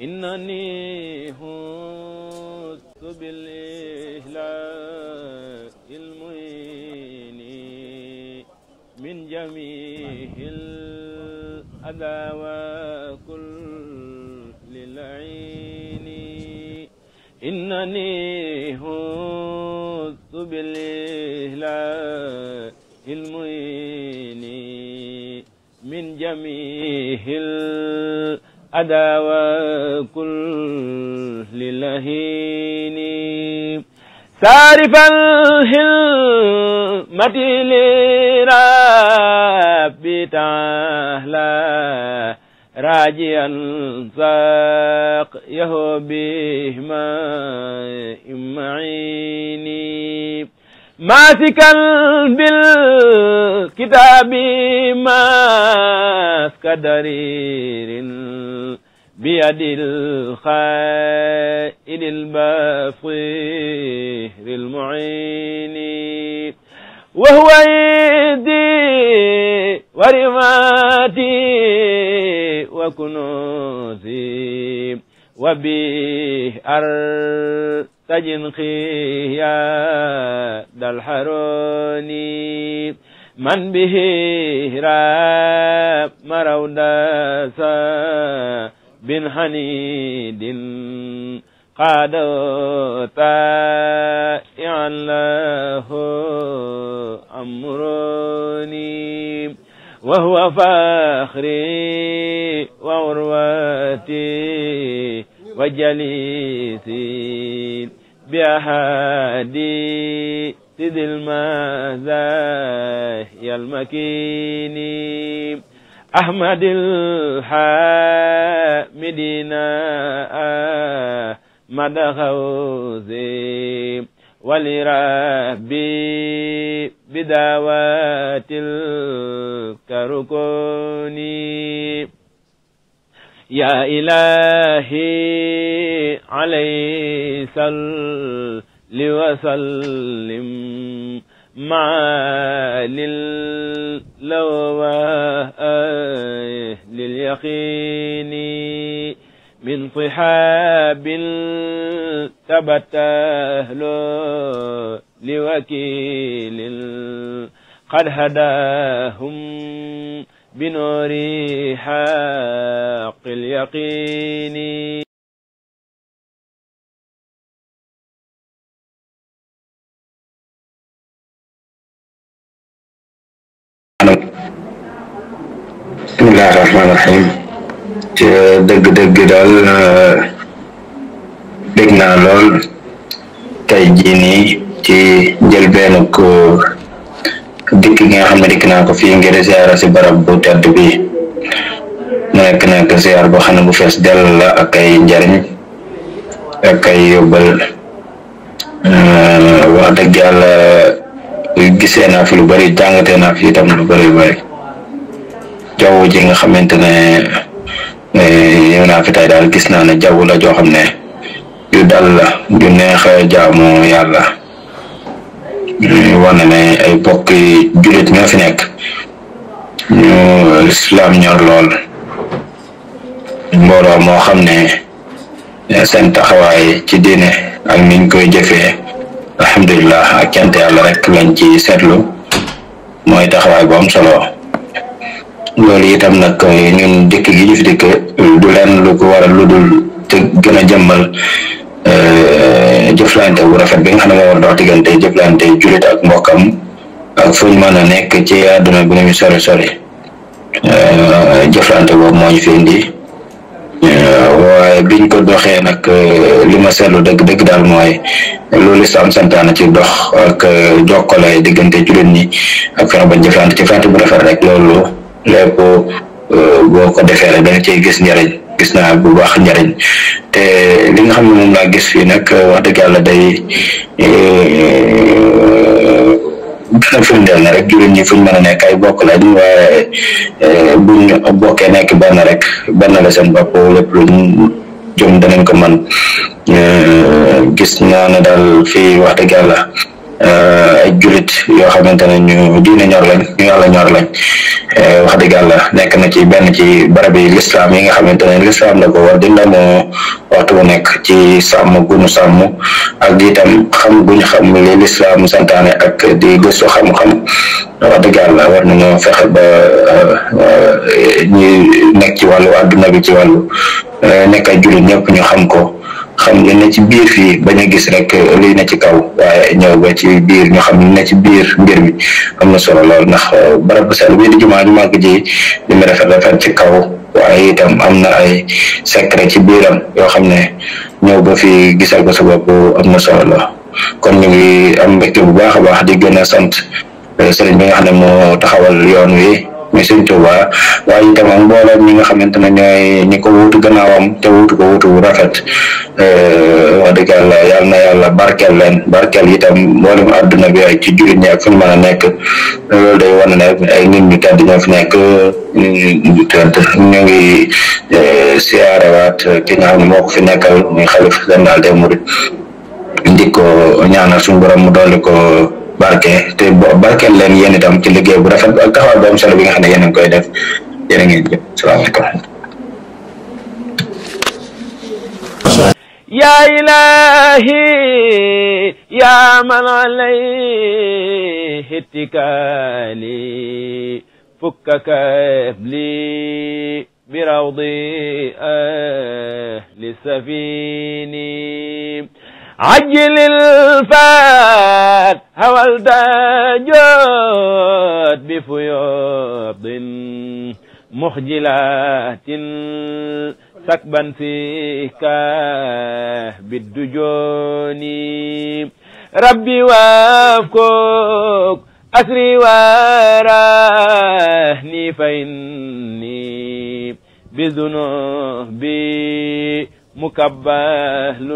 إنني هزت بالإهلاء المعين من جميع الأذى وكل العين إنني هزت بالإهلاء المعين من جميع الأذى أداوى كل لهين سارف الهمة لربي تعالى راجيا ساق يهو بهما إمعين ماسكا بالكتاب ماسك درير بيد الخائن البصير المعين وهو يدي ورماتي وكنوزي وبه أرض تجنقي يا ذا الحرون من به راب مروداسا بن حنيد قادوا تائعا له أمروني وهو فخري وعروتي وجليسي بأهادي سد المزايا المكين أحمد الحامدنا أحمد غوزي ولربي بدعوات الكركوني يا إلهي عليه صل وسلم مع للواه لليقين من صحاب ثبت له لوكيل قد هداهم بنور حق اليقين بسم الله الرحمن الرحيم دق دق دال دق نالول تاي جيني تي جلبينك dikk gi nga xam ne dikk naa ko fii ngir ziara si barab bu tedd bi mu nekk nag ziar boo xam ne bu fees dell la ak ay njariñ ak ay yóbbal ehm, wax dëgg yàlla gisee naa fi lu bari jàngatee naa fi itam lu bari bari jaww ji nga xamante daal gis naa ne jaww la joo xam ne ju dal la ju neex jaamu yàlla ñuy wane ne ay bokk jullit ñoo fi nekk ñu euh, lislaam ñor lool mbooloo moo xam ne euh, seen taxawaay ci diine ak niñ koy jëfe alhamdulilah ak cant yàlla rek lañ ci seetlu mooy taxawaay bu am solo loolu itam nag ñun dikk gi ñu fi dikk du leen lu ko waral lu dul te gën a jëmmal. Euh, Eh, jëflante bu rafet bi nga xam ne moo war dox diggante jëflante jullit ak mbokkam ak fu ñu mën a nekk ci àdduna bi ñu sori sori eh, jëflante boobu moo fi indi eh, waaye biñ ko doxee nag li ma seetlu dëgg dëgg daal mooy loolu lislaam santaana ci dox ak jokkale diggante jullit ñi ak fexe ba jëflante jëflante bu rafet rek loolu lépp boo ko defee rek da nga ciy gis njariñ gis naa bu baax njariñ Eh, li nga xam ne moom laa gis fii nag eh, wax dëgg yàlla day eh, gën a firndeel na rek juróom ñi fuñ mën a nekk ay bokk lañ waaye buñ bokkee nekk benn rek benn la seen bopp lépp luñ jëm danañ ko man gis naa ne daal fii wax dëgg yàlla ay euh, jullit yoo xamante ne ñu diine ñor lañ ñor lañ euh, wax dëgg yàlla nekk na ci benn ci barab yi lislaam yi nga xamante ne lislaam la ko war di ndamoo waxtu nekk ci sàmm gunu sàmm ak itam xam guñu xam li lislaam santaane ak di gëstu xam-xam wax dëgg yàlla war nañoo fexe ba euh, ñi nekk ci wàllu àdduna bi ci wàllu nekk ay jullit ñëpp ñu xam ko xam li ne ci biir fii bañ a gis rek eh, lii na ci kaw waaye ñëw ba ci biir ñu xam li ne ci biir mbir mi am na solo lool ndax eh, barab bu sel bi di jumaa ju màgg ji li mu rafet rafet ci kaw itam am na ay secret ci biiram yoo xam ne ñëw ba fii gisal ko sa bopp am na solo lool ñu ngi am mbégte bu baax a baax di gën a sant eh, sëriñ bi nga xam ne moo taxawal yoon wi muy sëñ Tuuba waaye itam ak mbooleem nga xamante ne ñooy ñi ko wuutu gannaawam te wuutu ko wuutu bu rafet eh, wax dëgg yàlla yal na yàlla barkeel leen barkeel itam mboolem àdduna bi ay ci jullit ñi ak fu nekk loolu day wane ne ay nit ñu ñoo fi nekk ñu eh, ki nga xam ne moo ko fi nekkal muy xalif général des mourides di ko ñaanal suñu borom mu dolli ko barke te barkeel leen yéen itam ci liggéey bu rafet ak taxawaay solo bi nga xam ne koy def jërë ngeen jëf salaamaaleykum. yaa ilaahi yaa man alayhi ittikaali fukka kabli bi rawdi ahli safini عجل الفات هوى التاجوت بفيوض مخجلات سكبا فيك بالدجون ربي وافكك أسري ورهني فإني بذنوبي مكبل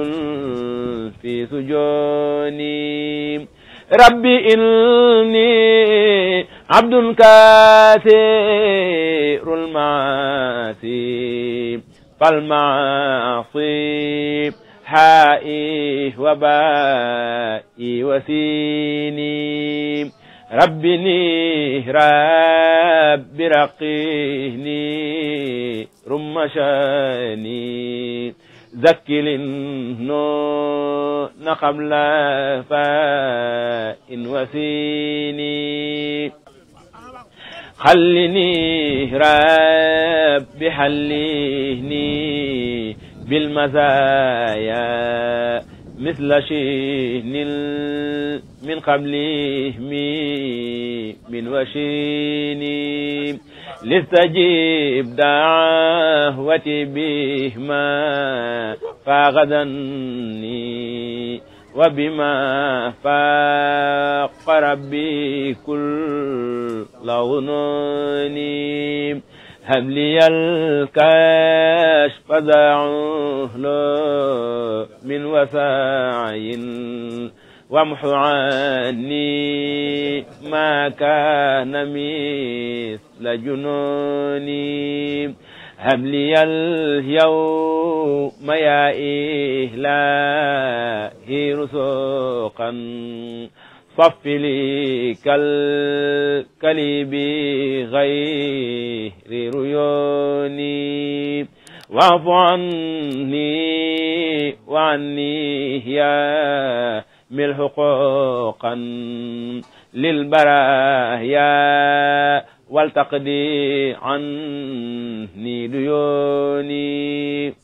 في سجوني ربي إني عبد كثير المعاصي فالمعاصي حائي وبائي وسيني ربني رب رقيني رمشاني zakkilin no na xam la fa in wasini xallini rabbi xallini bil masaaya مثل شين من قبله من وشيني لستجيب دعوتي بهما فغدني وبما فاق ربي كل ظنوني هب لي الكشف دعوه من وفاعي وامح عني ما كان مثل جنوني هب لي اليوم يا إلهي رزقا صف لي كالكلي بغير ريوني واعف عني وعني يا مل حقوقا للبرايا والتقدي عني ديوني